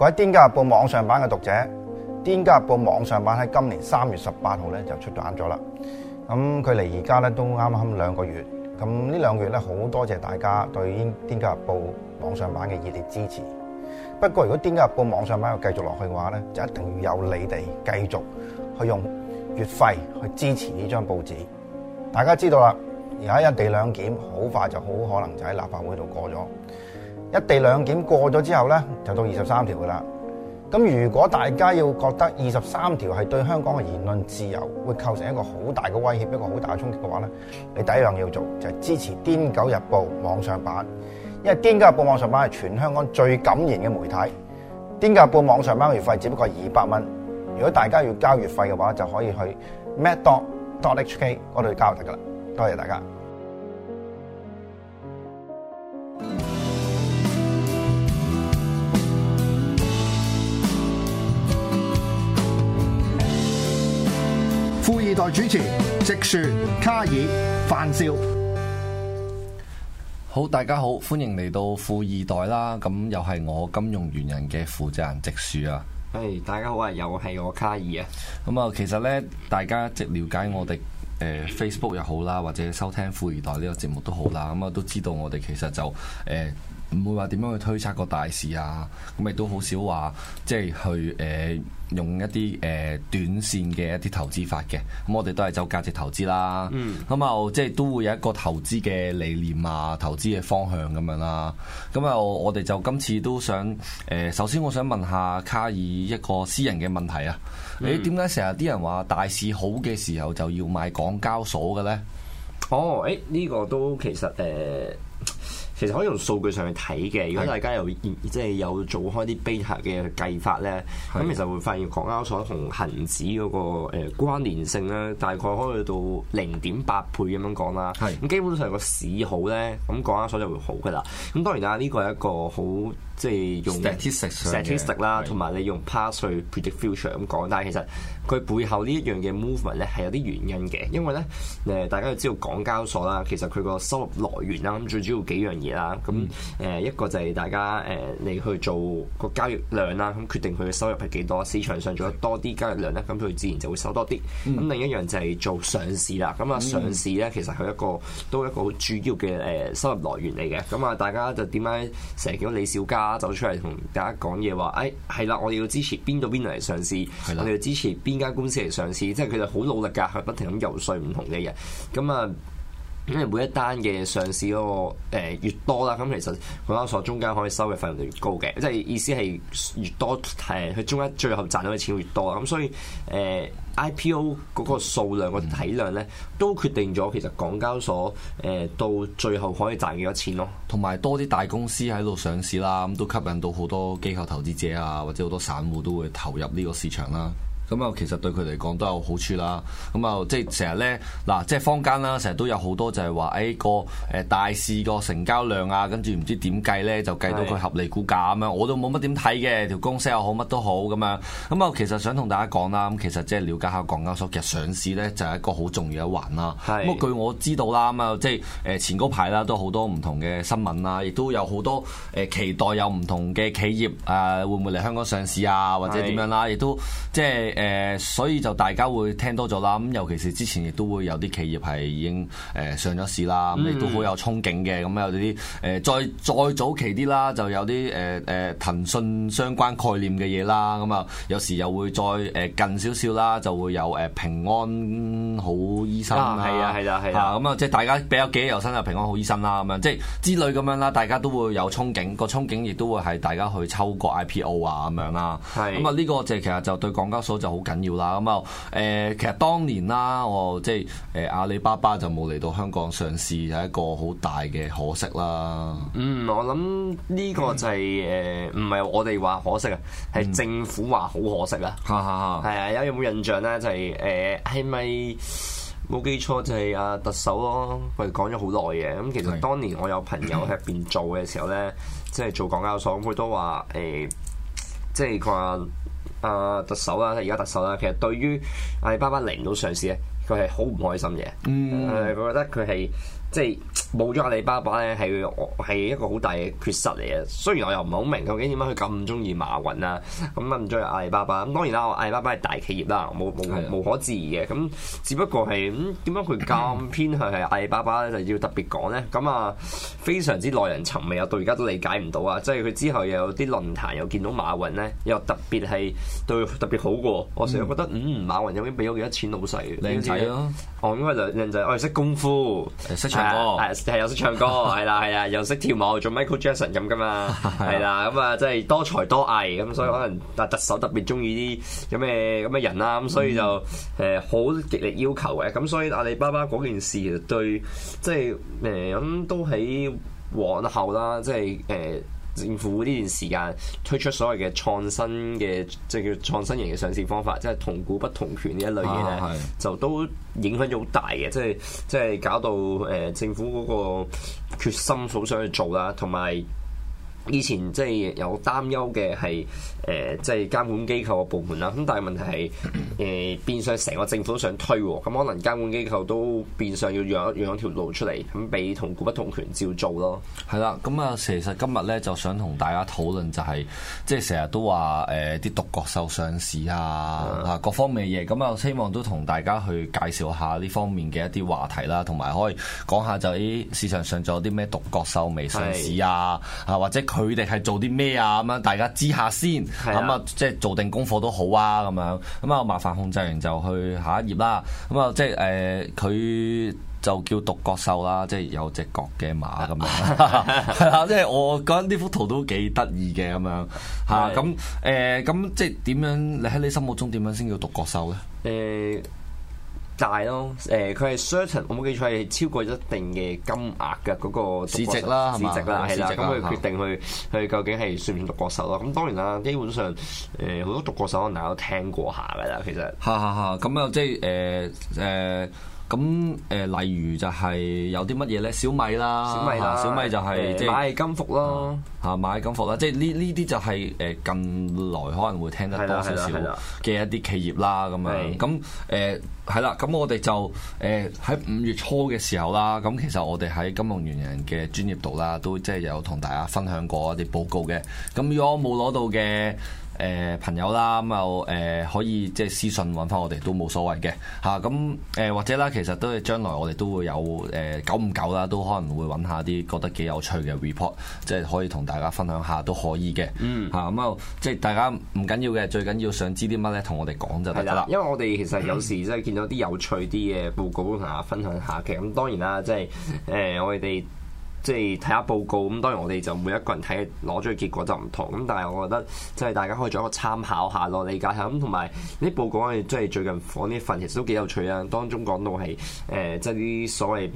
各位《癲狗日報》網上版嘅讀者，《癲狗日報》網上版喺今年三月十八號咧就出版咗啦。咁距離而家咧都啱啱兩個月。咁呢兩個月咧好多謝大家對《癲狗日報》網上版嘅熱烈支持。不過如果《癲狗日報》網上版要繼續落去嘅話咧，就一定要有你哋繼續去用月費去支持呢張報紙。大家知道啦，而家一地兩檢好快就好可能就喺立法會度過咗。一地兩檢過咗之後呢，就到二十三條噶啦。咁如果大家要覺得二十三條係對香港嘅言論自由會構成一個好大嘅威脅，一個好大嘅衝擊嘅話呢，你第一樣要做就係、是、支持《癲狗日報》網上版，因為《癲狗日報》網上版係全香港最敢言嘅媒體。《癲狗日報》網上版嘅月費只不過二百蚊，如果大家要交月費嘅話，就可以去 maddog.hk 度交得噶啦。多謝大家。富易袋主持直樹、卡爾、范少，好，大家好，歡迎嚟到富易袋啦。咁又係我金融原人嘅負責人直樹啊。誒，hey, 大家好啊，又係我卡爾啊。咁啊，其實呢，大家即係了解我哋誒 Facebook 又好啦，或者收聽富易袋呢個節目都好啦。咁啊，都知道我哋其實就誒。呃唔會話點樣去推測個大市啊！咁亦都好少話，即、就、係、是、去誒、呃、用一啲誒、呃、短線嘅一啲投資法嘅。咁我哋都係走價值投資啦。嗯。咁啊、嗯，即係都會有一個投資嘅理念啊，投資嘅方向咁樣啦。咁、嗯、啊，我哋就今次都想誒，首先我想問下卡爾一個私人嘅問題啊。誒，點解成日啲人話大市好嘅時候就要買港交所嘅咧？哦，誒、欸，呢、這個都其實誒。呃嗯其實可以用數據上去睇嘅，如果大家有即係有做開啲貝塔嘅計法咧，咁的其實會發現港交所同恒指嗰個誒關聯性咧，大概可以去到零點八倍咁樣講啦。咁的基本上個市好咧，咁港交所就會好噶啦。咁當然啦，呢、這個係一個好。即係用 statistic 啦 Stat istic 的，同埋你用 past 去 predict future 咁講對，但係其實佢背後呢一樣嘅 movement 咧係有啲原因嘅，因為咧誒、呃、大家都知道港交所啦，其實佢個收入來源啦，咁最主要幾樣嘢啦，咁誒、呃、一個就係大家誒、呃、你去做個交易量啦，咁決定佢嘅收入係幾多，市場上做得多啲交易量咧，咁佢自然就會收多啲。咁、嗯、另一樣就係做上市啦，咁啊上市咧其實係一個都一個好主要嘅誒、呃、收入來源嚟嘅，咁啊大家就點解成日見到李小加？走出嚟同大家講嘢，話誒係啦，我哋要支持邊度邊度嚟上市，是的 我哋要支持邊間公司嚟上市，即係佢哋好努力㗎，係不停咁遊說唔同嘅人，咁啊。因為每一單嘅上市嗰個、呃、越多啦，咁其實港交所中間可以收嘅費用就越高嘅，即係意思係越多係佢中間最後賺到嘅錢越多。咁所以誒、呃、IPO 嗰個數量個體量呢，都決定咗其實港交所誒、呃、到最後可以賺幾多錢咯。同埋多啲大公司喺度上市啦，咁都吸引到好多機構投資者啊，或者好多散戶都會投入呢個市場啦。咁啊，其實對佢嚟講都有好處啦。咁啊，即係成日咧，嗱，即係坊間啦，成日都有好多就係話，誒、哎、個誒大市個成交量啊，跟住唔知點計咧，就計到佢合理估價咁樣。我都冇乜點睇嘅，條公司又好，乜都好咁樣。咁啊，其實想同大家講啦，咁其實即係了解下港交所其實上市咧，就係、是、一個好重要一環啦。咁是據我知道啦，咁啊，即係誒前嗰排啦，都好多唔同嘅新聞啦，亦都有好多誒期待有唔同嘅企業啊，會唔會嚟香港上市啊，或者點樣啦，亦都即係。誒，所以就大家會聽多咗啦，咁尤其是之前亦都會有啲企業係已經誒上咗市啦，咁亦都好有憧憬嘅，咁有啲誒再再早期啲啦，就有啲誒誒騰訊相關概念嘅嘢啦，咁啊有時又會再誒近少少啦，就會有誒平安好醫生啦，啊係啊，係咁啊，即係大家比較記憶猶新有平安好醫生啦，咁樣即係之類咁樣啦，大家都會有憧憬，個憧憬亦都會係大家去抽個 IPO 啊咁樣啦，咁啊呢個就其實就對港交所就。好緊要啦，咁啊，誒，其實當年啦，我即係誒阿里巴巴就冇嚟到香港上市，係一個好大嘅可惜啦。嗯，我諗呢個就係、是、誒，唔係 我哋話可惜啊，係政府話好可惜啊。係啊， 有冇印象咧？就係、是、誒，係咪冇記錯就係阿特首咯，佢講咗好耐嘅。咁其實當年我有朋友喺入邊做嘅時候咧、 呃，即係做港交所，佢都話誒，即係話。啊、呃，特首啦，而家特首啦，其實對於阿里巴巴嚟唔到上市咧，佢係好唔開心嘅。嗯，佢、呃、覺得佢係。即係冇咗阿里巴巴咧，係係一個好大嘅缺失嚟嘅。雖然我又唔係好明，究竟點解佢咁中意馬雲啊？咁啊唔中意阿里巴巴咁，當然啦，阿里巴巴係大企業啦，冇冇無可置疑嘅。咁只不過係咁點解佢咁偏向係阿里巴巴咧？就要特別講咧。咁啊，非常之耐人尋味啊！到而家都理解唔到啊！即係佢之後又有啲論壇又見到馬雲咧，又特別係對佢特別好過。我成日覺得，嗯，嗯，馬雲究竟俾咗幾多錢老細？靚仔咯，哦，應該就靚仔，我係識功夫，識。係係有識唱歌，係啦係啦，又識跳舞，做 Michael Jackson 咁噶嘛，係啦咁啊，即係多才多藝，咁所以可能特特首特別中意啲咁嘅咁嘅人啦，咁所以就誒好極力要求嘅，咁所以阿里巴巴嗰件事其實對即係誒，咁都喺往後啦，即係誒。呃政府呢段時間推出所謂嘅創新嘅，即係叫創新型嘅上市方法，即係同股不同權呢一類嘢咧，啊、就都影響咗好大嘅，即係即係搞到誒、呃、政府嗰個決心好想去做啦，同埋。以前即係有擔憂嘅係，誒，即係監管機構嘅部門啦。咁但係問題係誒、呃、變相成個政府都想推喎，咁可能監管機構都變相要讓讓條路出嚟，咁俾同股不同權照做咯。係啦，咁啊，其實今日咧就想同大家討論，就係，就係即係成日都話誒啲獨角獸上市啊，啊的各方面嘅嘢。咁啊，希望都同大家去介紹下呢方面嘅一啲話題啦，同埋可以講下就啲、哎、市場上仲有啲咩獨角獸未上市啊，啊的或者。佢哋係做啲咩啊？咁樣大家知下先，咁的啊，即係做定功課都好啊，咁樣。咁啊，麻煩控制完就去下一頁啦。咁啊，呃、即係誒，佢就叫獨角獸啦，即係有隻角嘅馬咁樣。係啊，即係我覺得呢幅圖都幾得意嘅咁樣吓。咁誒，咁即係點樣？你喺你心目中點樣先叫獨角獸咧？誒、欸。大咯，誒、呃、佢係 certain，我冇記錯係超過一定嘅金額嘅嗰、那個市值啦，係市值啦，係吧的啦，咁佢、嗯、決定去，去、嗯、究竟係算唔算獨角獸咯？咁當然啦，基本上誒好、呃、多獨角獸可能大家都有聽過下㗎啦，其實。嚇嚇嚇，咁啊即係誒誒。呃呃咁誒，例如就係有啲乜嘢咧？小米啦，小米啦，小米就係即係買金服咯，嚇、嗯、買金服啦，即係呢呢啲就係、是、誒近來可能會聽得多少少嘅一啲了企業啦，咁樣了。咁誒係啦，咁我哋就誒喺五月初嘅時候啦，咁其實我哋喺金融猿人嘅專頁度啦，都即係有同大家分享過一啲報告嘅。咁如果冇攞到嘅。誒朋友啦，咁又誒可以即係私信揾翻我哋都冇所謂嘅嚇，咁、嗯、誒或者啦，其實都係將來我哋都會有誒久唔久啦，都可能會揾下啲覺得幾有趣嘅 report，即係可以同大家分享下都可以嘅嚇，咁啊即係大家唔緊要嘅，最緊要想知啲乜咧，同我哋講就得啦。因為我哋其實有時真係見到啲有趣啲嘅報告，都同大家分享下嘅。咁當然啦，即係誒我哋。即係睇下報告咁，當然我哋就每一個人睇攞咗嘅結果就唔同咁，但係我覺得即係大家可以作一個參考下咯，理解下咁，同埋呢報告我哋即係最近放呢份，其實都幾有趣啊。當中講到係誒、呃，即係啲所謂。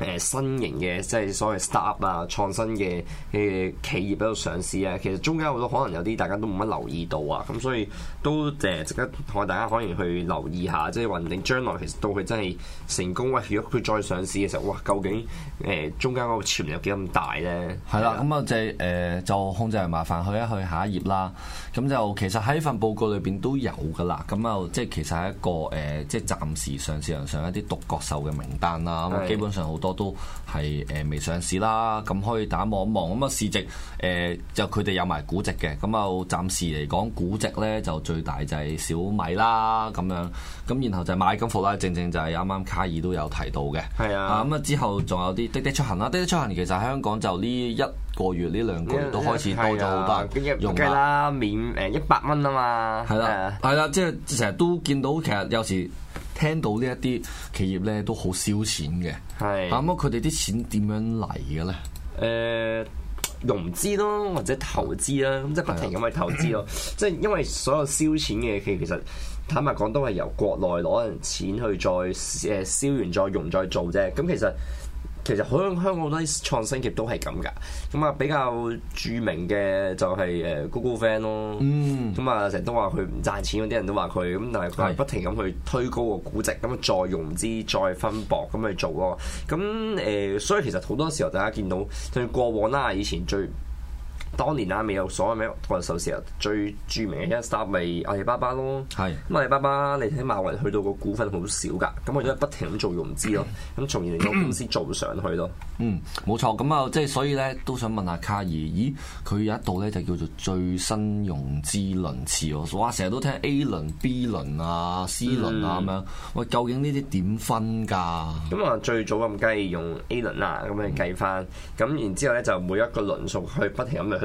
誒新型嘅即係所謂 startup 啊，創新嘅誒企業喺度上市啊，其實中間好多可能有啲大家都冇乜留意到啊，咁所以都誒值得同大家可以去留意下，即係話你將來其實到佢真係成功，哇！如果佢再上市嘅時候，哇！究竟誒中間嗰個潛力有幾咁大咧？係啦的，咁啊即係誒就控制係麻煩，去一去下一頁啦。咁就其實喺份報告裏邊都有㗎啦。咁又即係其實係一個誒，即係暫時上市場上，上一啲獨角獸嘅名單啦。咁的基本上好。多都係誒未上市啦，咁可以打望一望。咁啊市值誒、呃、就佢哋有埋估值嘅，咁啊暫時嚟講估值咧就最大就係小米啦咁樣。咁然後就買金服啦，正正就係啱啱卡爾都有提到嘅。係啊，咁啊之後仲有啲滴滴出行啦，滴滴出行其實喺香港就呢一個月呢兩個月都開始多咗好多人用㗎啦，免誒一百蚊啊嘛。係啦，係啦，即係成日都見到其實有時。聽到呢一啲企業咧都好燒錢嘅，係是，咁啊佢哋啲錢點樣嚟嘅咧？誒、呃、融資咯，或者投資啦，即係不停咁去投資咯，即係是的 因為所有燒錢嘅企業其實坦白講都係由國內攞人錢去再誒燒完再融再做啫，咁其實。其實香香港好多啲創新業都係咁噶，咁啊比較著名嘅就係誒 GoGoVan 咯、嗯，咁啊成日都話佢唔賺錢，嗰啲人都話佢，咁但係佢係不停咁去推高個估值，咁啊再融資再分薄咁去做咯，咁誒所以其實好多時候大家見到，甚至過往啦以前最。當年啦，未有所謂咩獨角獸時啊，最著名嘅一 star 咪阿里巴巴咯。係咁是阿里巴巴，你睇馬雲去到個股份好少㗎，咁佢都不停咁做融資咯，咁是從而令個公司做上去咯。嗯，冇錯，咁啊，即係所以咧，都想問下卡爾，咦，佢有一度咧就叫做最新融資輪次喎，哇，成日都聽 A 輪、B 輪啊、C 輪啊咁樣，喂、嗯，究竟呢啲點分㗎？咁啊，最早咁梗係用 A 輪啊。咁樣計翻，咁、嗯、然之後咧就每一個輪數去不停咁樣。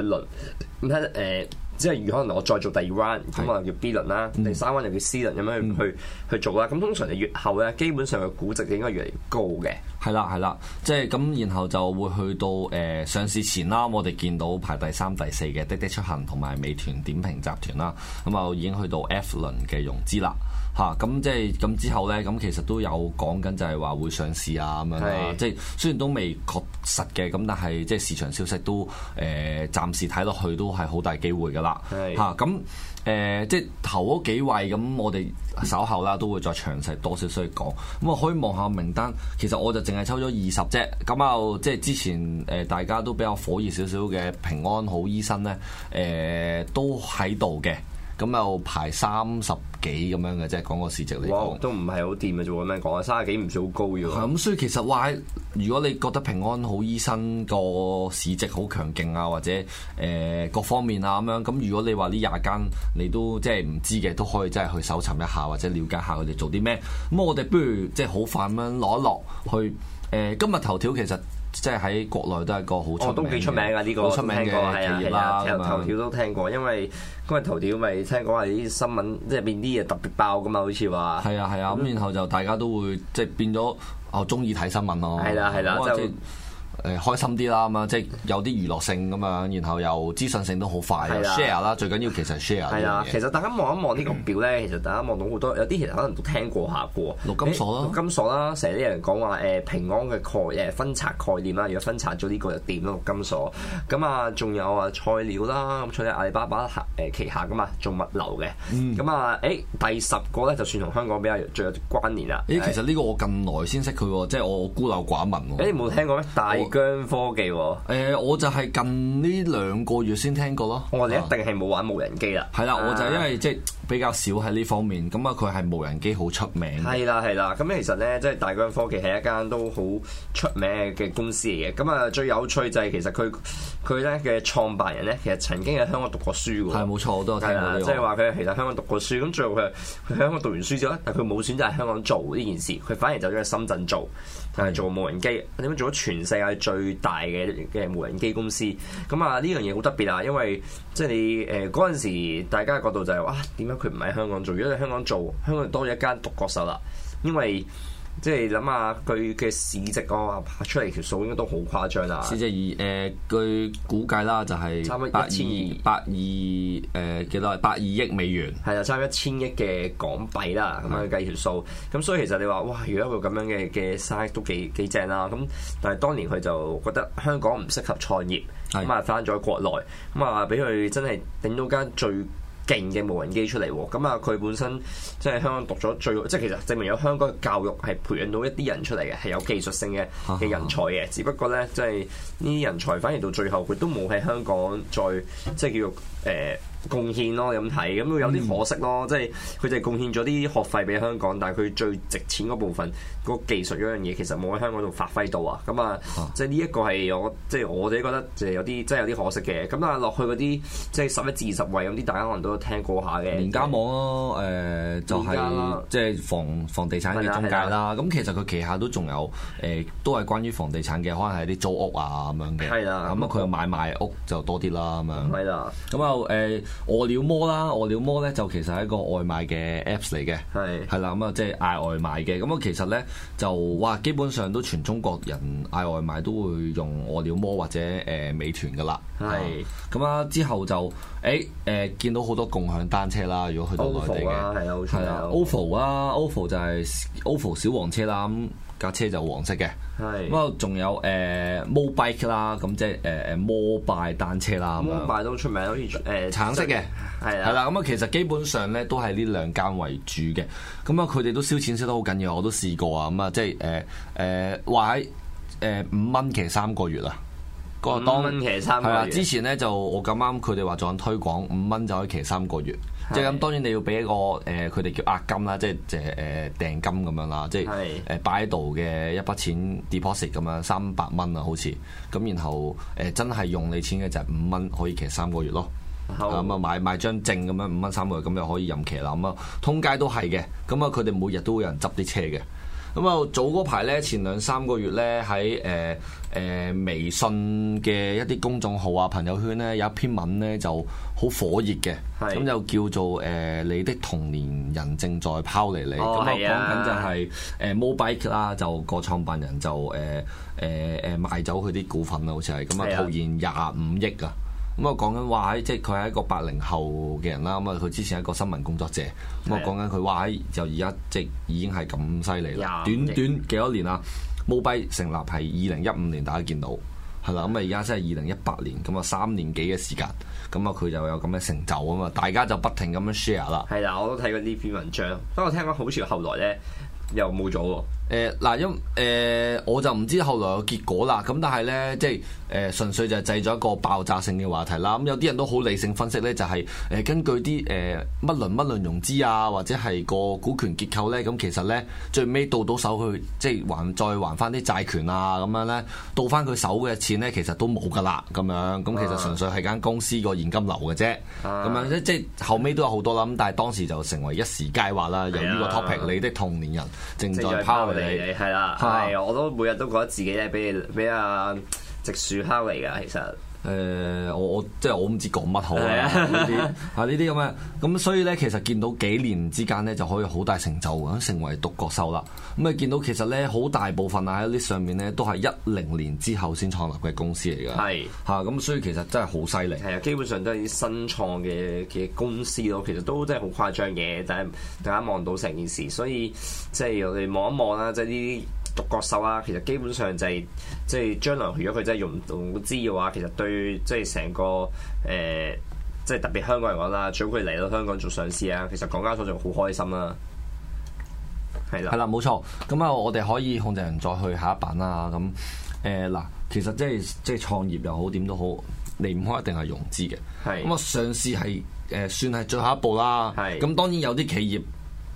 輪咁睇咧，嗯、即係如可能我再做第二 round，咁可能我叫 B 輪啦，第三 round 就叫 C 輪，咁樣去、嗯、去做啦。咁通常你越後咧，基本上嘅估值應該越嚟越高嘅。係啦，係啦，即係咁，然後就會去到誒、呃、上市前啦。我哋見到排第三、第四嘅滴滴出行同埋美團點評集團啦，咁、嗯、啊已經去到 F 輪嘅融資啦。嚇，咁即係咁之後呢，咁其實都有講緊，就係話會上市啊，咁是樣啦。即係雖然都未確實嘅，咁但係即係市場消息都誒、呃，暫時睇落去都係好大機會噶啦。嚇是，咁誒、啊呃、即係頭嗰幾位咁，我哋稍後啦都會再詳細多少少講。咁、嗯、啊，可以望下名單。其實我就淨係抽咗二十隻，咁啊，即係之前誒大家都比較火熱少少嘅平安好醫生呢，誒、呃、都喺度嘅。咁、嗯、又排三十幾咁樣嘅，即係講個市值嚟講，都唔係好掂嘅，做咩講啊？三十幾唔算好高要喎。咁所以其實話，如果你覺得平安好醫生個市值好強勁啊，或者誒、呃、各方面啊咁樣，咁如果你話呢廿間你都即係唔知嘅，都可以即係去搜尋一下或者了解下佢哋做啲咩。咁、嗯、我哋不如即係好快咁樣攞落去。誒、呃，今日頭條其實。即係喺國內都係一個好出名，哦都幾出名㗎，呢個好出名嘅企業啦。頭條都聽過，因為嗰個頭條咪聽講係啲新聞，即係變啲嘢特別爆噶嘛，好似話係啊係啊，咁然後就大家都會即係變咗，我中意睇新聞咯。係啦係啦，就。誒開心啲啦，咁啊，即係有啲娛樂性咁樣，然後又資訊性都好快，share 啦。的 sh are, 最緊要其實 share 的。係啊，其實大家望一望呢個表咧， 其實大家望到好多，有啲其實可能都聽過下嘅喎。陸金所啦，金所啦，成日啲人講話誒平安嘅概誒分拆概念啦，如果分拆咗呢個就掂啦。陸金所咁啊，仲有啊菜鳥啦，咁除咗阿里巴巴下旗下噶嘛，做物流嘅。嗯誒。咁啊，誒第十個咧，就算同香港比較最有關聯啦。誒，其實呢個我近來先識佢喎，即係我孤陋寡聞喎。誒，你冇聽過咩？大疆科技、哦，誒、欸，我就係近呢兩個月先聽過咯。我哋一定係冇玩無人機啦、啊。係啦，我就因為即係比較少喺呢方面，咁啊，佢係無人機好出名、啊。係、啊、啦，係、啊、啦，咁、啊、其實咧，即係大疆科技係一間都好出名嘅公司嚟嘅。咁啊，最有趣就係其實佢佢咧嘅創辦人咧，其實曾經喺香港讀過書㗎。係冇、啊、錯，我都有聽過、啊。即係話佢喺其實香港讀過書，咁最後佢喺香港讀完書之後，但佢冇選擇喺香港做呢件事，佢反而走咗去深圳做。係做無人機，點樣做咗全世界最大嘅嘅無人機公司？咁啊呢樣嘢好特別啊，因為即係你誒嗰陣時，大家嘅角度就係、是、哇，點解佢唔喺香港做？如果喺香港做，香港多咗一間獨角獸啦，因為。即係諗下佢嘅市值個、哦、出嚟條數應該都好誇張啊！市值而誒，據、呃、估計啦就係差唔多八千二百二，誒幾多？百二億美元。係啊，差唔多一千億嘅港幣啦，咁樣去是計條數。咁、嗯、所以其實你話哇，如果一個咁樣嘅嘅 size 都幾幾正啦。咁但係當年佢就覺得香港唔適合創業，咁啊翻咗國內，咁啊俾佢真係頂到間最。勁嘅無人機出嚟喎，咁啊佢本身即係香港讀咗最後，即係其實證明咗香港嘅教育係培養到一啲人出嚟嘅，係有技術性嘅嘅人才嘅， 只不過呢，即係呢啲人才反而到最後佢都冇喺香港再即係叫做、呃貢獻咯，有咁睇，咁會有啲可惜咯，即係佢哋係貢獻咗啲學費俾香港，但係佢最值錢嗰部分，個技術嗰樣嘢，其實冇喺香港度發揮到啊。咁啊，即係呢一個係我，即係我哋覺得就係有啲真係有啲可惜嘅。咁啊落去嗰啲，即係十一至二十位咁啲，大家可能都有聽過下嘅。鏈家網咯，誒就係即係房房地產嘅中介啦。咁其實佢旗下都仲有誒，都係關於房地產嘅，可能係啲租屋啊咁樣嘅。係啦對了，咁啊佢買賣屋就多啲啦咁樣。係啦，咁啊誒。餓了麼啦，餓了麼咧就其實係一個外賣嘅 Apps 嚟嘅，係啦咁啊，即係嗌外賣嘅。咁啊其實咧就哇，基本上都全中國人嗌外賣都會用餓了麼或者誒美團噶啦，係咁啊之後就誒誒、欸呃、見到好多共享單車啦，如果去到內地嘅係啊 OFO 啊 OFO 就係 OFO 小黃車啦咁。架車就黃色嘅，不過仲有 Mobike 啦，咁即係誒誒摩拜單車啦。摩拜都出名，可以誒，橙色嘅，係啦。咁啊，其實基本上咧都係呢兩間為主嘅。咁啊，佢哋都燒錢燒得好緊要，我都試過啊。咁、嗯、啊，即係誒誒話喺誒五蚊騎三個月啦，個五蚊騎三個月。之前咧就我咁啱，佢哋話做緊推廣，五蚊就可以騎三個月。即係咁，當然你要俾一個誒，佢、呃、哋叫押金啦，即係誒訂金咁樣啦，即係誒擺喺度嘅一筆錢 deposit 咁樣三百蚊啊，好似咁，然後誒、呃、真係用你錢嘅就係五蚊可以騎三個月咯，咁啊買買張證咁樣五蚊三個月，咁就可以任騎啦，咁、嗯、啊通街都係嘅，咁啊佢哋每日都會有人執啲車嘅。咁啊，早嗰排咧，前兩三個月咧，喺誒誒微信嘅一啲公眾號啊、朋友圈咧，有一篇文咧就好火熱嘅，咁是就叫做誒你的同年人正在拋離你，咁、哦、啊講緊就係誒 Mobike 啦，就個創辦人就誒誒誒賣走佢啲股份啦，好似係，咁啊套現廿五億啊！咁啊，講緊話，即係佢係一個八零後嘅人啦。咁、嗯、啊，佢之前係一個新聞工作者。咁、嗯、啊，講緊佢話，就而家即已經係咁犀利啦。Yeah. 短短幾多年啊，MoBi 成立係二零一五年，大家見到係啦。咁啊，而家即係二零一八年，咁、嗯、啊三年幾嘅時間，咁啊佢就有咁嘅成就啊嘛、嗯。大家就不停咁樣 share 啦。係啦，我都睇過呢篇文章，不過聽講好似後來咧又冇咗喎。誒嗱、呃，因誒、呃、我就唔知後來有結果啦。咁但係咧，即係誒、呃、純粹就係製咗一個爆炸性嘅話題啦。咁、嗯、有啲人都好理性分析咧，就係、是、誒根據啲誒乜論乜論融資啊，或者係個股權結構咧，咁其實咧最尾到到手去，即係還再還翻啲債權啊，咁樣咧，到翻佢手嘅錢咧，其實都冇㗎啦。咁樣咁其實純粹係間公司個現金流嘅啫。咁、啊啊、樣即係後尾都有好多啦。咁但係當時就成為一時佳話啦。由於個 topic，你的同年人正在拋係啦，係是、啊，我都每日都覺得自己咧俾俾啊，直樹坑嚟噶。其實。誒、呃，我即我即係我唔知講乜好 啊！呢啲咁嘅，咁所以咧，其實見到幾年之間咧，就可以好大成就嘅，成為獨角獸啦。咁啊，見到其實咧，好大部分啊喺呢上面咧，都係一零年之後先創立嘅公司嚟嘅。係嚇是，咁、啊、所以其實真係好犀利。係啊，基本上都係啲新創嘅嘅公司咯。其實都真係好誇張嘅，但係大家望到成件事，所以即係我哋望一望啦，即係啲。獨角獸啊，其實基本上就係即係將來，如果佢真係融融資嘅話，其實對即係成個誒，即、呃、係、就是、特別香港人講啦，最好佢嚟到香港做上市啊。其實港交所就好開心啦，係啦，係啦，冇錯。咁啊，我哋可以控制人再去下一版啦。咁誒，嗱、呃，其實即係即係創業又好，點都好，離唔開一定係融資嘅。係咁，我上市係誒、呃，算係最後一步啦。係咁，當然有啲企業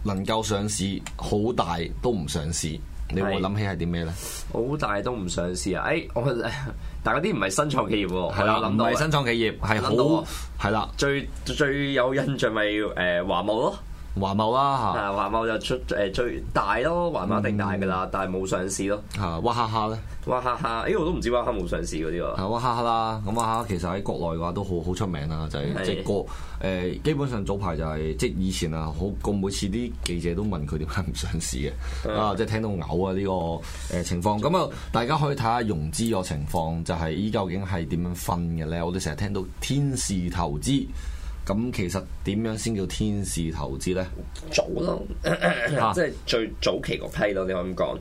能夠上市，好大都唔上市。你會諗起係點咩咧？好大都唔想試啊！誒、哎，我但嗰啲唔係新創企業喎，係啦的，唔係新創企業，係好係啦，最最有印象咪、就、誒、是呃、華茂咯。華茂啦嚇、啊，華茂就出誒、呃、最大咯，華茂一定大噶啦，嗯、但係冇上市咯嚇。娃哈哈咧，娃哈哈呢，哎我都唔知娃哈哈冇上市嗰啲喎。娃哈哈啦，咁啊，其實喺國內嘅話都好好出名啦，就係即係個誒，基本上早排就係、是、即係以前啊，好個每次啲記者都問佢點解唔上市嘅？的啊，即、就、係、是、聽到嘔啊呢個誒情況。咁啊的，大家可以睇下融資個情況，就係、是、依究竟係點樣分嘅咧？我哋成日聽到天使投資。咁其實點樣先叫天使投資咧？早咯，即係最早期個批咯，你可以咁講。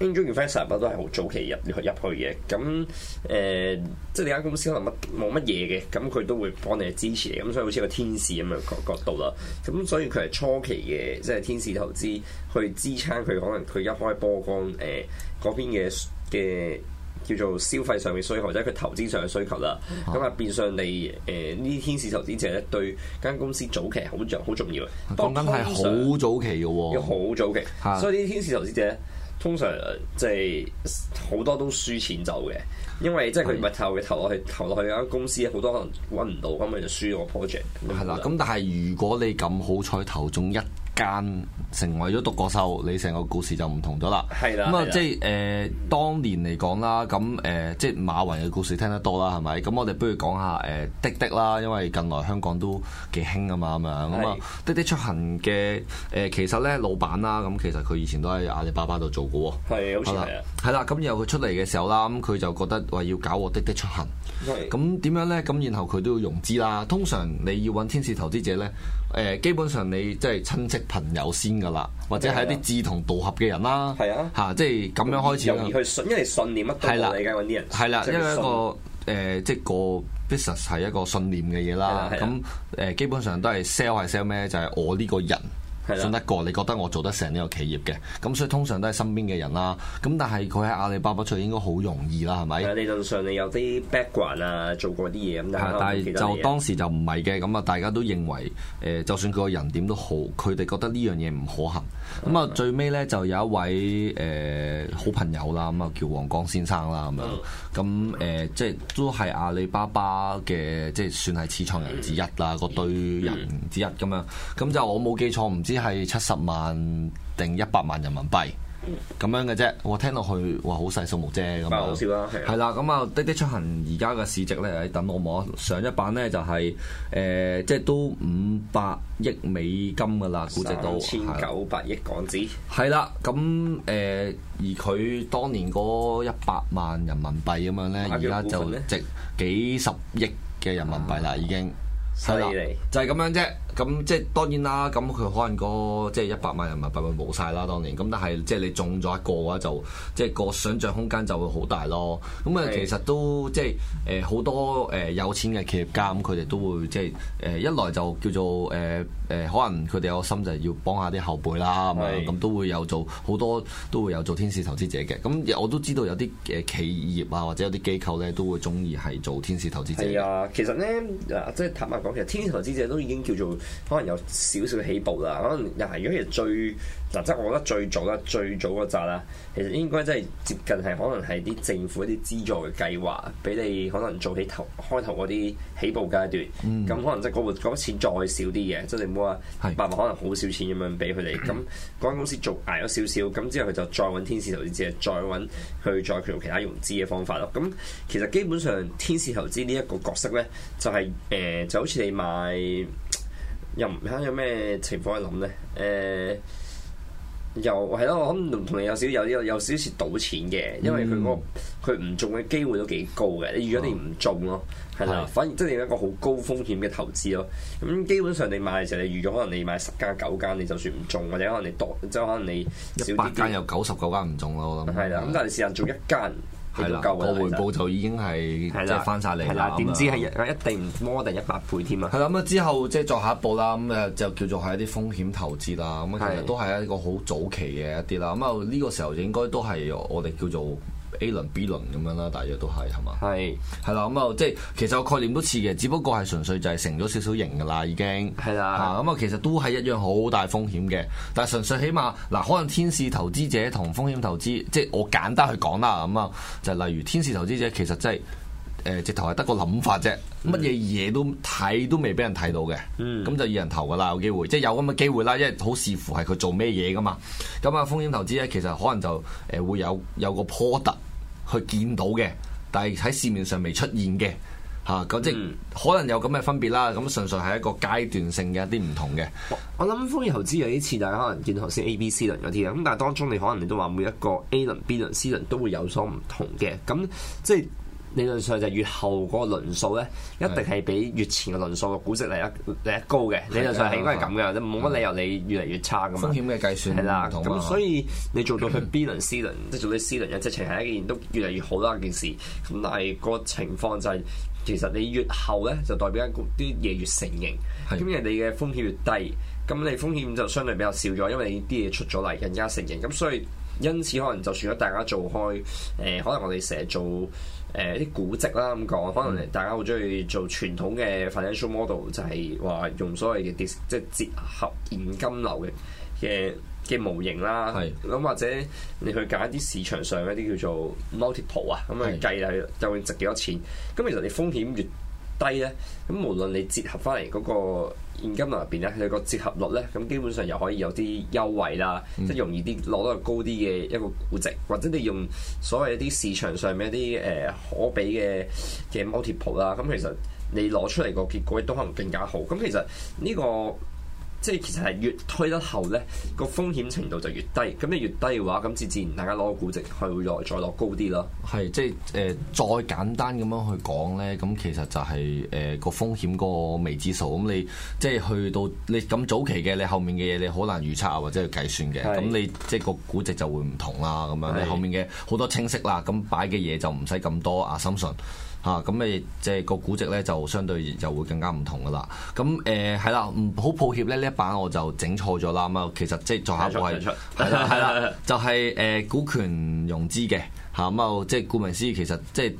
Angel Investor 都係好早期入入去嘅。咁誒、呃，即係你間公司可能乜冇乜嘢嘅，咁佢都會幫你支持你。咁所以好似個天使咁樣角度啦。咁所以佢係初期嘅，即係天使投資去支撐佢可能佢一開波光誒嗰、呃、邊嘅嘅。叫做消費上嘅需求，或者佢投資上嘅需求啦。咁、嗯、啊，變相你誒呢啲天使投資者咧，對間公司早期好著好重要。當緊係好早期嘅喎，要、啊、好早期，啊、所以啲天使投資者通常即係好多都輸錢走嘅，因為即係佢唔係投嘅投落去，啊、投落去間公司好多可能揾唔到，咁咪就輸咗個 project 係啦、啊。咁、啊、但係如果你咁好彩投中一間成為咗獨角獸，你成個故事就唔同咗啦。係啦，咁啊，即係誒、呃，當年嚟講啦，咁、呃、誒，即係馬雲嘅故事聽得多啦，係咪？咁我哋不如講下誒滴滴啦，因為近來香港都幾興啊嘛，咁樣咁啊，滴滴出行嘅誒、呃，其實咧老闆啦，咁其實佢以前都喺阿里巴巴度做過，係好似係啊。係啦，咁的然後佢出嚟嘅時候啦，咁佢就覺得話要搞我滴滴出行，咁點的樣咧？咁然後佢都要融資啦。通常你要揾天使投資者咧。誒基本上你即係親戚朋友先㗎啦，或者係一啲志同道合嘅人啦，嚇的即係咁樣開始。由而去信，因為信念一個，係啦的，而家揾啲人係啦，的因為一個誒，即係、嗯呃就是、個 business 係一個信念嘅嘢啦。咁誒、呃、基本上都係 sell 係 sell 咩？就係、是、我呢個人。信得過你覺得我做得成呢個企業嘅，咁所以通常都係身邊嘅人啦。咁但係佢喺阿里巴巴出嚟應該好容易啦，係咪？喺理論上你有啲 background 啊，做過啲嘢咁。係，但係就當時就唔係嘅咁啊！嗯嗯、大家都認為誒就算佢個人點都好，佢哋覺得呢樣嘢唔可行。咁啊，最尾咧就有一位誒、呃、好朋友啦，咁啊叫黃光先生啦咁樣，嗯。咁、呃、誒，即係都係阿里巴巴嘅，即係算係始創人之一啦，個堆人之一咁樣，咁就我冇記錯唔知。啲係七十萬定一百萬人民幣咁、嗯、樣嘅啫，我聽落去哇，好細數目啫。咁係好少啦，係啦。咁啊滴滴出行而家嘅市值咧，等我摸上一版咧，就係、是、誒、呃，即係都五百億美金噶啦，估值到三千九百億港紙。係啦，咁、嗯、誒，而佢當年嗰一百萬人民幣咁樣咧，而家就值幾十億嘅人民幣啦，已經犀利，就係、是、咁樣啫。嗯咁即係當然啦，咁佢可能、嗰個即係一百萬人民幣會冇晒啦，當年。咁但係即係你中咗一個嘅話，就即係個想像空間就會好大咯。咁啊，其實都是的 即係誒好多誒有錢嘅企業家咁，佢哋都會即係誒、呃、一來就叫做誒誒、呃，可能佢哋有個心就係要幫下啲後輩啦，咁咁是的 都會有做好多都會有做天使投資者嘅。咁我都知道有啲嘅企業啊，或者有啲機構咧，都會中意係做天使投資者。啊，其實咧即係坦白講，其實天使投資者都已經叫做。可能有少少起步啦。可能又係，如果係最嗱、啊，即係我覺得最早啦，最早嗰扎啦，其實應該真係接近係可能係啲政府一啲資助嘅計劃，俾你可能做起頭開頭嗰啲起步階段。咁、嗯、可能即係嗰撥錢再少啲嘅，即、嗯、你唔好話百可能好少錢咁樣俾佢哋。咁嗰間公司做捱咗少少，咁之後佢就再揾天使投資者，再揾佢再，再用其他融資嘅方法咯。咁其實基本上天使投資呢一個角色呢，就係、是、誒、呃、就好似你買。又唔睇有咩情況去諗咧？誒、呃，又係咯，我諗同同你有少有有有少少賭錢嘅，因為佢嗰佢唔中嘅機會都幾高嘅，你預咗你唔中咯，係啦，反而即係一個好高風險嘅投資咯。咁、嗯、基本上你買嘅時候，你預咗可能你買十間九間，你就算唔中，或者可能你多，即係可能你少啲，一百間有九十九間唔中咯，我諗係啦。咁但係時間中一間。係啦，個實回報就已經係了即係翻晒嚟啦。點知係一，了一定唔摸定一百倍添啊！係啦，咁之後即係再下一步啦。咁誒就叫做係一啲風險投資啦。咁了其實都係一個好早期嘅一啲啦。咁啊呢個時候應該都係我哋叫做。A 輪 B 輪咁樣啦，大約都係係嘛，係係啦，咁啊即係其實個概念都似嘅，只不過係純粹就係成咗少少型噶啦，已經係啦，咁啊的、嗯嗯、其實都係一樣好大風險嘅，但係純粹起碼嗱，可能天使投資者同風險投資，即係我簡單去講啦，咁、嗯、啊就係、例如天使投資者其實即係誒直頭係得個諗法啫，乜嘢嘢都睇都未俾人睇到嘅，咁就要人投噶啦，有機會即係有咁嘅機會啦，因為好視乎係佢做咩嘢噶嘛，咁、嗯、啊風險投資咧其實可能就誒、呃、會有有個波凸。去見到嘅，但係喺市面上未出現嘅，吓咁、嗯、即可能有咁嘅分別啦。咁純粹係一個階段性嘅一啲唔同嘅。我我諗風險投資有啲似大家可能見到頭先 A、B、C 輪嗰啲啦。咁但係當中你可能你都話每一個 A 輪、B 輪、C 輪都會有所唔同嘅。咁即係。理論上就越後嗰個輪數咧，一定係比越前嘅輪數個估值嚟得嚟得高嘅。的理論上係應該係咁嘅，你冇乜理由你越嚟越差咁。風險嘅計算係啦，咁所以你做到去 B 輪、C 輪，即係 做啲 C 輪，嘅直情係一件都越嚟越好啦。件事咁，但係個情況就其實你越後咧，就代表一啲嘢越成形，咁人哋嘅風險越低，咁你風險就相對比較少咗，因為啲嘢出咗嚟更加成形。咁所以因此可能就算咗大家做開誒、呃，可能我哋成日做。誒啲、呃、估值啦咁講，可能大家好中意做傳統嘅 financial model，就係話用所謂嘅 dis，即係折合現金流嘅嘅嘅模型啦。咁是、啊、或者你去揀一啲市場上一啲叫做 multiple 啊，咁去計就究竟值幾多錢。咁是其實你風險越低咧，咁無論你折合翻嚟嗰個。現金入邊咧，佢個折合率咧，咁基本上又可以有啲優惠啦，嗯、即係容易啲攞到高啲嘅一個估值，或者你用所謂一啲市場上面一啲誒、呃、可比嘅嘅 multiple 啦，咁、嗯、其實你攞出嚟個結果亦都可能更加好。咁、嗯、其實呢、呢個即係其實係越推得後咧，個風險程度就越低。咁你越低嘅話，咁自自然大家攞個估值佢會再再攞高啲咯。係，即係誒、呃，再簡單咁樣去講咧，咁其實就係誒個風險個未知數。咁你即係去到你咁早期嘅，你後面嘅嘢你好難預測或者去計算嘅。咁是你即係個估值就會唔同啦。咁樣是你後面嘅好多清晰啦，咁擺嘅嘢就唔使咁多啊。深信。啊，咁、嗯、你即係個估值咧就相對就會更加唔同噶啦。咁誒係啦，唔、嗯、好抱歉咧，呢一版我就整錯咗啦。咁、嗯、啊，其實即係在下就係係啦，係啦，就係、是、誒、呃、股權融資嘅嚇。咁、嗯、啊，即係顧名思義，其實即係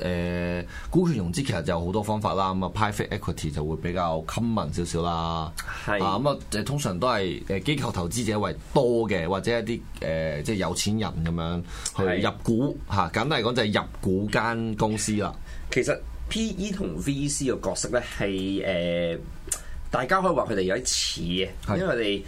誒股權融資其實有好多方法啦。咁、嗯、啊，private equity 就會比較 common 少少啦。係是啊，咁、嗯、啊，通常都係誒機構投資者為多嘅，或者一啲誒、呃、即係有錢人咁樣去入股嚇。簡單嚟講就係入股間公司啦。 其實 PE 同 VC 嘅角色咧係誒。呃大家可以話佢哋有啲似嘅，因為我哋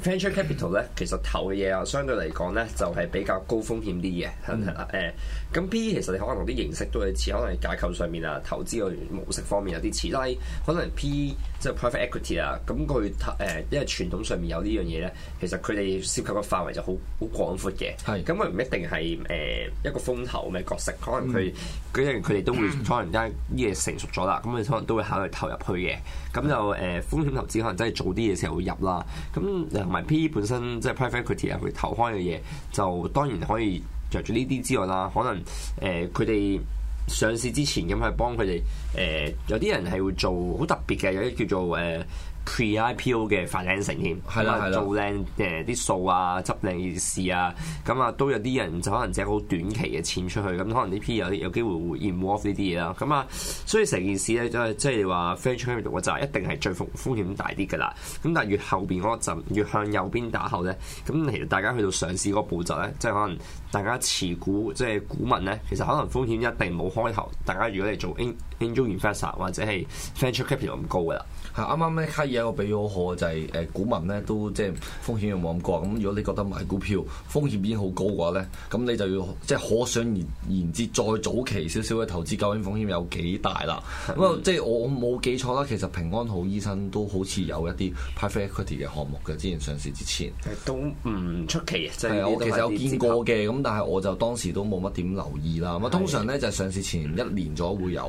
誒 venture capital 咧，其實投嘅嘢啊，相對嚟講咧就係、是、比較高風險啲嘅，係啦、嗯。誒、 嗯，咁 P 其實你可能同啲形式都有啲似，可能係架構上面啊，投資嘅模式方面有啲似。但係可能 P 即係 private equity 啊，咁佢誒因為傳統上面有呢樣嘢咧，其實佢哋涉及嘅範圍就好好廣闊嘅。咁佢唔一定係誒、呃、一個風投嘅角色，可能佢佢哋都會、嗯、可能間呢嘢成熟咗啦，咁佢可能都會考慮投入去嘅。咁就。嗯嗯誒、呃、風險投資可能真係早啲嘅時候會入啦，咁同埋 PE 本身即係、就是、private equity 入去投開嘅嘢，就當然可以着住呢啲之外啦。可能誒佢哋上市之前咁去幫佢哋誒有啲人係會做好特別嘅，有啲叫做誒。呃 Pre-IPO 嘅 fundraising 添，咁啊做靚誒啲數啊，執靚件事啊，咁啊都有啲人就可能借好短期嘅錢出去，咁可能呢 P 有有機會會 emerge 呢啲嘢啦，咁啊，所以成件事咧都係即係話 French market 嗰陣一定係最風風險大啲㗎啦，咁但係越後邊嗰陣越向右邊打後咧，咁其實大家去到上市嗰個步驟咧，即係可能。大家持股即係股民咧，其實可能風險一定冇開頭。大家如果你做 angel investor 或者係 venture capital 咁高噶啦。係啱啱咧，卡爾一個比喻好好嘅就係、是、誒股民咧都即係風險又冇咁高。咁如果你覺得買股票風險已經好高嘅話咧，咁你就要即係可想而言之，再早期少少嘅投資，究竟風險有幾大啦？咁啊，即係我冇記錯啦，其實平安好醫生都好似有一啲 private equity 嘅項目嘅，之前上市之前都唔出奇。即、就、係、是、我其實有見過嘅咁。嗯咁但係我就當時都冇乜點留意啦。咁通常咧就係、上市前一年左右會有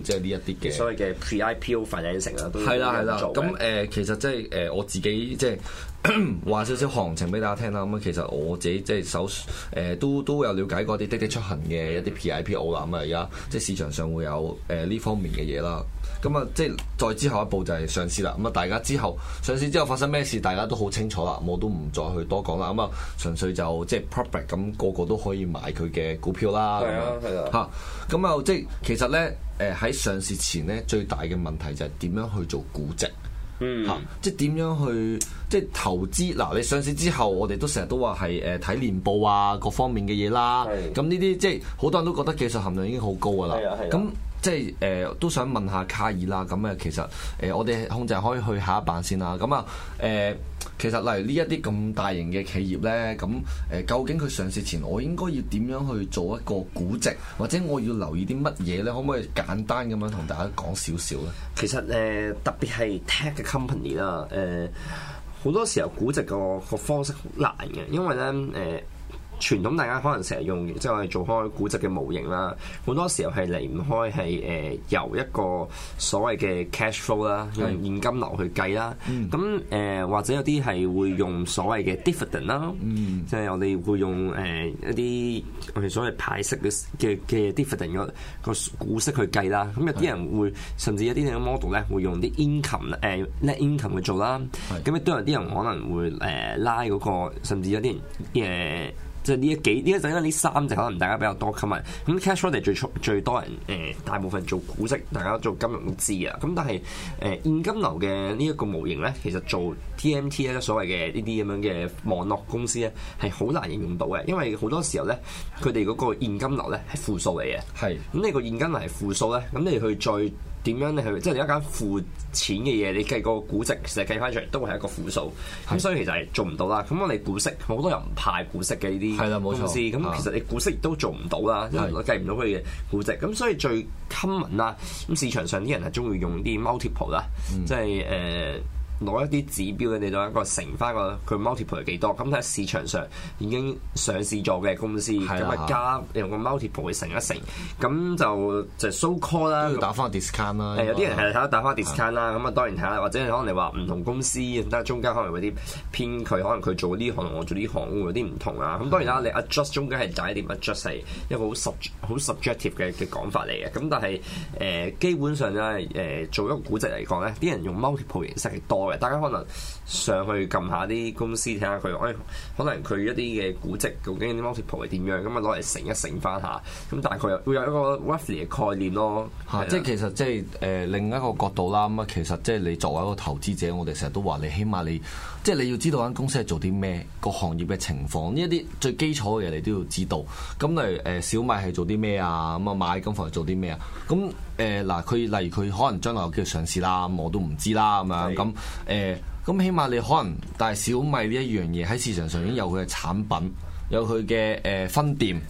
即係呢一啲嘅所謂嘅 P I P O 發展成啦。係啦係啦咁誒其實即係誒我自己即係話少少行情俾大家聽啦。咁其實我自己即係首誒都都有了解過啲滴滴出行嘅一啲 P I P O 啦。咁啊而家即係市場上會有誒呢、呃、方面嘅嘢啦。咁啊，即係、嗯就是、再之後一步就係上市啦。咁、嗯、啊，大家之後上市之後發生咩事，大家都好清楚啦。我都唔再去多講啦。咁、嗯、啊，純粹就即係 public 咁個個都可以買佢嘅股票啦。係啊，係啊。嚇，咁啊，即係其實咧，誒喺上市前咧，最大嘅問題就係點樣去做估值？嗯。嚇，即係點樣去即係投資？嗱、啊，你上市之後我，我哋都成日都話係誒睇年報啊，各方面嘅嘢啦。係。咁呢啲即係好多人都覺得技術含量已經好高噶啦。咁。即係誒、呃、都想問下卡爾啦，咁、嗯、誒其實誒、呃、我哋控制可以去下一版先啦，咁啊誒其實例如呢一啲咁大型嘅企業咧，咁、嗯、誒、嗯、究竟佢上市前我應該要點樣去做一個估值，或者我要留意啲乜嘢咧？可唔可以簡單咁樣同大家講少少咧？其實誒、呃、特別係 tech 嘅 company 啦、呃，誒好多時候估值個個方式好難嘅，因為咧誒。呃傳統大家可能成日用，即係我哋做開估值嘅模型啦。好多時候係離唔開係誒由一個所謂嘅 cash flow 啦，用、嗯、現金流去計啦。咁誒、嗯呃、或者有啲係會用所謂嘅 dividend 啦，即係、嗯、我哋會用誒、呃、一啲我哋所謂派息嘅嘅嘅 dividend 個個股息去計啦。咁有啲人會是甚至有啲 model 咧會用啲 income 誒 net income 去做啦。咁亦都有啲人可能會誒拉嗰個甚至有啲誒。呃即係呢一幾呢一陣間呢三隻可能大家比較多嘅嘛，咁 cash flow 地最初最多人誒、呃，大部分做股息，大家做金融都知啊。咁但係誒、呃、現金流嘅呢一個模型咧，其實做 TMT 咧所謂嘅呢啲咁樣嘅網絡公司咧，係好難應用到嘅，因為好多時候咧，佢哋嗰個現金流咧係負數嚟嘅。係是。咁你個現金流係負數咧，咁你去再。點樣去即你係即係一間付錢嘅嘢？你計個估值，其實計翻出嚟都係一個負數，咁的所以其實係做唔到啦。咁我哋股息，好多人唔派股息嘅呢啲公司，咁其實你股息亦都做唔到啦，因為我計唔到佢嘅估值。咁所以最 common 啦，咁市場上啲人係中意用啲 multiple 啦，嗯、即係誒。Uh, 攞一啲指標嘅你當一個乘翻個佢 multiple 係幾多咁睇市場上已經上市咗嘅公司咁啊的加用個 multiple 去乘一乘咁就就是、so call 啦，都要打翻 discount 啦、啊。係、嗯嗯、有啲人係睇打翻 discount 啦、嗯，咁啊當然睇啦，或者你可能你話唔同公司，但的中間可能有啲偏佢，可能佢做呢行同我做呢行會有啲唔同啊。咁當然啦、啊，你 adjust 中間係大一點 adjust 係一個好十好 subjective 嘅嘅 sub 講法嚟嘅。咁但係誒、呃、基本上咧誒、呃、做一個估值嚟講咧，啲人，人用 multiple 形式係多。人家人家大家可能上去撳下啲公司，睇下佢，可能佢一啲嘅估值究竟啲 multiple 係點樣，咁啊攞嚟乘一乘翻下，咁大概會有一個 roughly 嘅概念咯。嚇、啊，即係其實即係誒另一個角度啦。咁啊，其實即係你作為一個投資者，我哋成日都話你，起碼你即係你要知道間公司係做啲咩，各行業嘅情況，呢一啲最基礎嘅嘢你都要知道。咁例如誒小米係做啲咩啊？咁螞蟻金服係做啲咩啊？咁誒嗱，佢、呃、例如佢可能將來有機會上市啦，咁我都唔知啦，咁樣咁。誒，咁、嗯、起碼你可能，但係小米呢一樣嘢喺市場上已經有佢嘅產品，有佢嘅誒分店，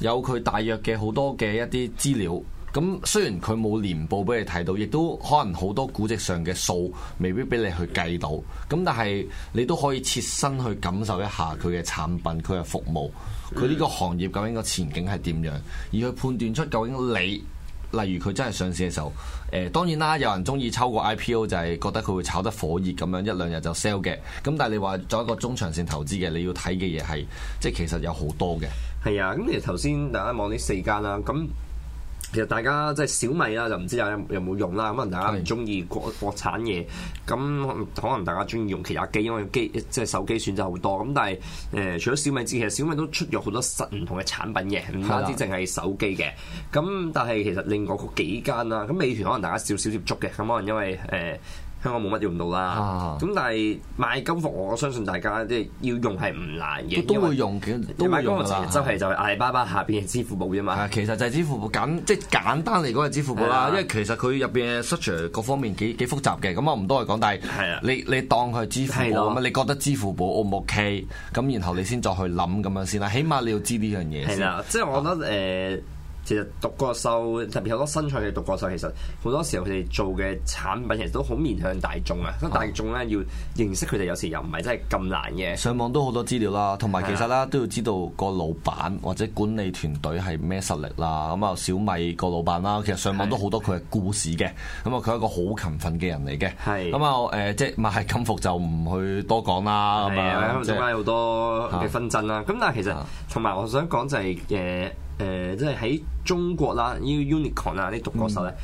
有佢大約嘅好多嘅一啲資料。咁、嗯、雖然佢冇年報俾你睇到，亦都可能好多估值上嘅數未必俾你去計到。咁、嗯、但係你都可以切身去感受一下佢嘅產品、佢嘅服務、佢呢個行業究竟個前景係點樣，而去判斷出究竟你，例如佢真係上市嘅時候。誒、呃、當然啦，有人中意抽個 IPO 就係覺得佢會炒得火熱，咁樣一兩日就 sell 嘅，咁但係你話作一個中長線投資嘅，你要睇嘅嘢係即係其實有好多嘅。係啊，咁你頭先大家望呢四間啦，咁。其實大家即係、就是、小米啦，就唔知有有冇用啦是的。可能大家唔中意國國產嘢，咁可能大家中意用其他機，因為機即係手機選擇好多。咁但係誒、呃，除咗小米之外，其實小米都出咗好多實唔同嘅產品嘅，唔單止淨係手機嘅。咁是的 但係其實另外嗰幾間啦，咁美團可能大家少少接觸嘅，咁可能因為誒。呃香港冇乜用到啦，咁但係螞蟻金服，我相信大家即係要用係唔難嘅，都會用都會用，就成日係阿里巴巴下邊嘅支付寶啫嘛。其實就係支付寶簡即係簡單嚟講係支付寶啦，因為其實佢入邊嘅 search 各方面幾幾複雜嘅，咁我唔多去講。但係你你當佢係支付寶，咁你覺得支付寶 O 唔 OK？咁然後你先再去諗咁樣先啦，起碼你要知呢樣嘢先啦。即係我覺得誒。其實獨角獸特別好多新創嘅獨角獸，其實好多時候佢哋做嘅產品其實都好面向大眾啊，咁大眾咧要認識佢哋，有時又唔係真係咁難嘅。上網都好多資料啦，同埋其實啦都要知道個老闆或者管理團隊係咩實力啦。咁啊，小米個老闆啦，其實上網都好多佢嘅故事嘅。咁啊，佢係一個好勤奮嘅人嚟嘅。係。咁啊，誒即係唔係咁服就唔去多講啦。咁啊，仲有好多嘅紛爭啦。咁但係其實同埋我想講就係嘅。誒、呃，即係喺中國啦，UN 啦國呢 unicorn 啊，啲獨角獸咧，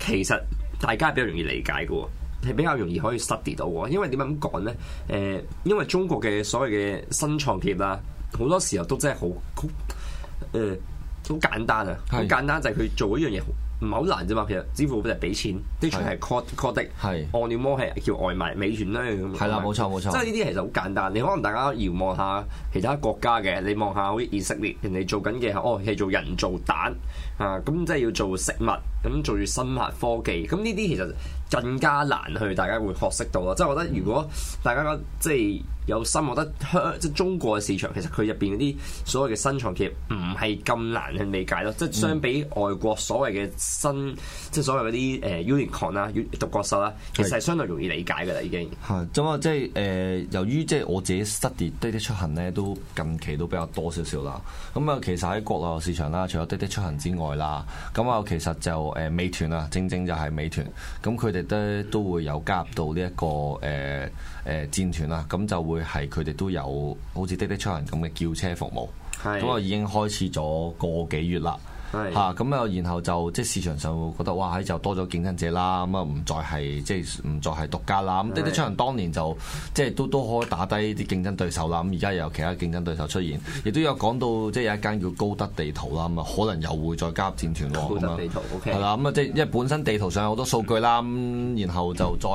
其實大家比較容易理解嘅喎，係比較容易可以 study 到喎。因為點解咁講咧？誒、呃，因為中國嘅所謂嘅新創業啦、啊，好多時候都真係好，誒，好、呃、簡單啊，好簡單就係佢做一樣嘢。唔係好難啫嘛，其實支付寶就係俾錢，啲的全係 call call 係按了摩器叫外賣，美團咧咁。係啦，冇錯冇錯。錯即係呢啲其實好簡單，你可能大家遙望下其他國家嘅，你望下好似以色列人哋做緊嘅，哦係做人造蛋啊，咁即係要做食物，咁做住生物科技，咁呢啲其實。更加難去，大家會學識到咯。即係我覺得，如果大家即係有心，我覺得香即係中國嘅市場，其實佢入邊嗰啲所謂嘅新創企業唔係咁難去理解咯。即係相比外國所謂嘅新，即係所謂嗰啲誒 unicorn 啦、獨角獸啦，其實係相對容易理解嘅啦，的已經。係，咁啊，即係誒、呃，由於即係我自己 study 滴滴出行咧，都近期都比較多少少啦。咁、嗯、啊，其實喺國內市場啦，除咗滴滴出行之外啦，咁、嗯、啊，其實就誒、呃、美團啊，正正正就係美團，咁佢哋。都會有加入到呢、這、一個誒誒、呃呃、戰團啦，咁就會係佢哋都有好似滴滴出行咁嘅叫車服務，咁啊是的、嗯、已經開始咗個幾月啦。吓咁啊，是然後就即係市場就覺得哇嘿，就多咗競爭者啦，咁啊唔再係即係唔再係獨家啦。咁滴滴出行當年就即係都都可以打低啲競爭對手啦。咁而家又有其他競爭對手出現，亦都有講到即係有一間叫高德地圖啦。咁啊，可能又會再加入戰團喎。咁德地圖，OK。係啦樣，咁啊白即係因為本身地圖上有好多數據啦，咁然後就再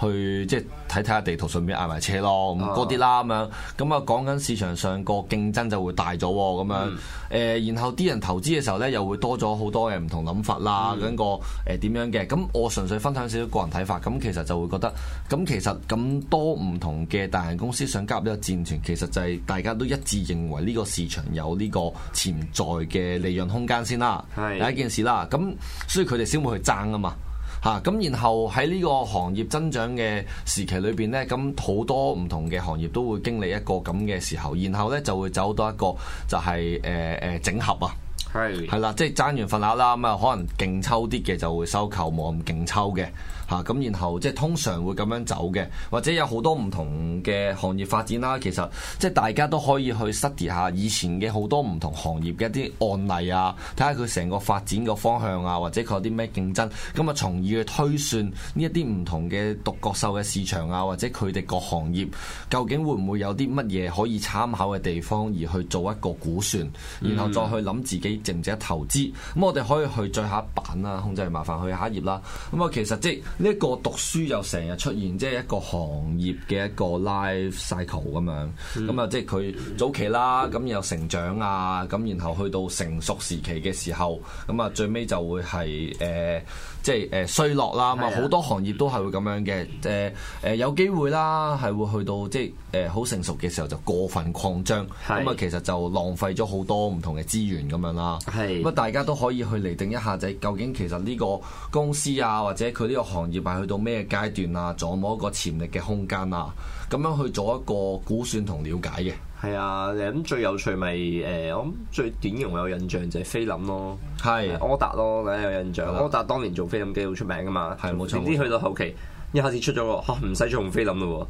去即係睇睇下地圖上面嗌埋車咯，咁多啲啦咁樣。咁啊講緊市場上個競爭就會大咗咁樣。誒，嗯、然後啲人投資嘅時候咧。就會多咗好多嘅唔同諗法啦，咁、嗯嗰個誒點、呃、樣嘅？咁我純粹分享少少個人睇法。咁其實就會覺得，咁其實咁多唔同嘅大型公司想加入呢個戰團，其實就係大家都一致認為呢個市場有呢個潛在嘅利潤空間先啦。係是的 第一件事啦。咁所以佢哋先會去爭啊嘛。吓、啊、咁，然後喺呢個行業增長嘅時期裏邊呢，咁好多唔同嘅行業都會經歷一個咁嘅時候，然後呢就會走到一個就係誒誒整合啊。係，係啦，即係爭完份額啦，咁、嗯、啊，可能勁抽啲嘅就會收購，冇咁勁抽嘅。嚇咁，然後即係通常會咁樣走嘅，或者有好多唔同嘅行業發展啦。其實即係大家都可以去 study 下以前嘅好多唔同行業嘅一啲案例啊，睇下佢成個發展個方向啊，或者佢有啲咩競爭，咁啊從而去推算呢一啲唔同嘅獨角獸嘅市場啊，或者佢哋個行業究竟會唔會有啲乜嘢可以參考嘅地方，而去做一個估算，然後再去諗自己值唔值得投資。咁、嗯、我哋可以去最下一版啦，控制麻煩去下一頁啦。咁啊，其實即呢一個讀書又成日出現，即係一個行業嘅一個 life cycle 咁樣，咁啊、嗯，即係佢早期啦，咁又成長啊，咁然後去到成熟時期嘅時候，咁啊最尾就會係誒、呃、即係誒、呃、衰落啦。咁啊好多行業都係會咁樣嘅。誒、呃、誒、呃、有機會啦，係會去到即係誒好成熟嘅時候就過分擴張，咁啊是其實就浪費咗好多唔同嘅資源咁樣啦。咁啊是大家都可以去厘定一下就係、是、究竟其實呢個公司啊或者佢呢個行，而係去到咩階段啊？有冇一個潛力嘅空間啊？咁樣去做一個估算同了解嘅。係啊，你諗最有趣咪誒、就是呃，我最典型我有印象就係菲林咯，係是柯達咯，大家有印象，的柯達當年做菲林機好出名噶嘛，係冇錯。點去到後期？一下子出咗唔使再用菲林嘞喎，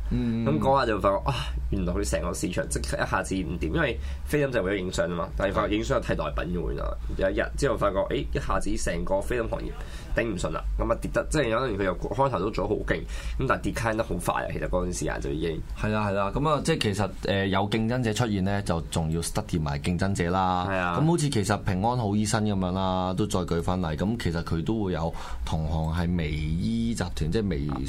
咁嗰下就發覺啊原來佢成個市場即刻一下子唔掂，因為菲林就為咗影相啫嘛，但係發覺影相有替代品嘅喎，有一日之後發覺誒、欸、一下子成個菲林行業頂唔順啦，咁啊跌得即係有啲佢又開頭都做得好勁，咁但係跌緊得好快啊，其實嗰段時間就已經係啦係啦，咁啊、嗯、即係其實誒有競爭者出現呢，就仲要 study 埋競爭者啦，咁的、嗯、好似其實平安好醫生咁樣啦，都再舉翻嚟。咁其實佢都會有同行係微醫集團，即係微。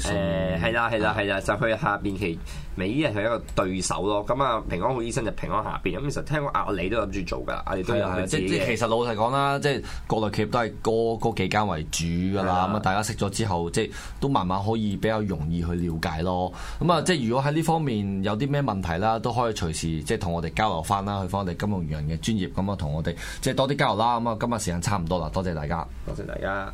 誒係啦，係啦，係啦、uh, 甜 anka 嗯，就去下邊其尾嘅係一個對手咯。咁啊，平安好醫生就平安下邊。咁其實聽講阿里都諗住做㗎，阿里都有自己。即即其實老實講啦，即國內企業都係嗰嗰幾間為主㗎啦。咁啊的，大家識咗之後，即都慢慢可以比較容易去了解咯。咁啊，即如果喺呢方面有啲咩問題啦，都可以隨時即同我哋交流翻啦。去返我哋金融業人員嘅專業，咁啊同我哋即多啲交流啦。咁啊，今日時間差唔多啦，多謝多謝大家。多謝大家。